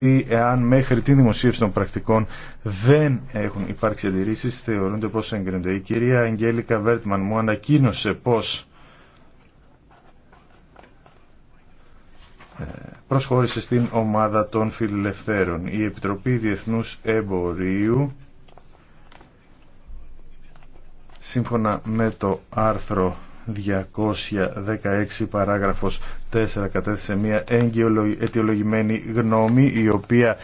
ή εάν μέχρι την δημοσίευση των πρακτικών δεν έχουν υπάρξει αντιρρήσεις θεωρούνται πως εγκρίνονται. Η κυρία Αγγέλικα Βέρτμαν μου ανακοίνωσε πως ε, προσχώρησε στην ομάδα των φιλελευθέρων. Η Επιτροπή Διεθνούς Εμπορίου σύμφωνα με το άρθρο 216 παράγραφος 4 κατέθεσε μια αιτιολογημένη γνώμη η οποία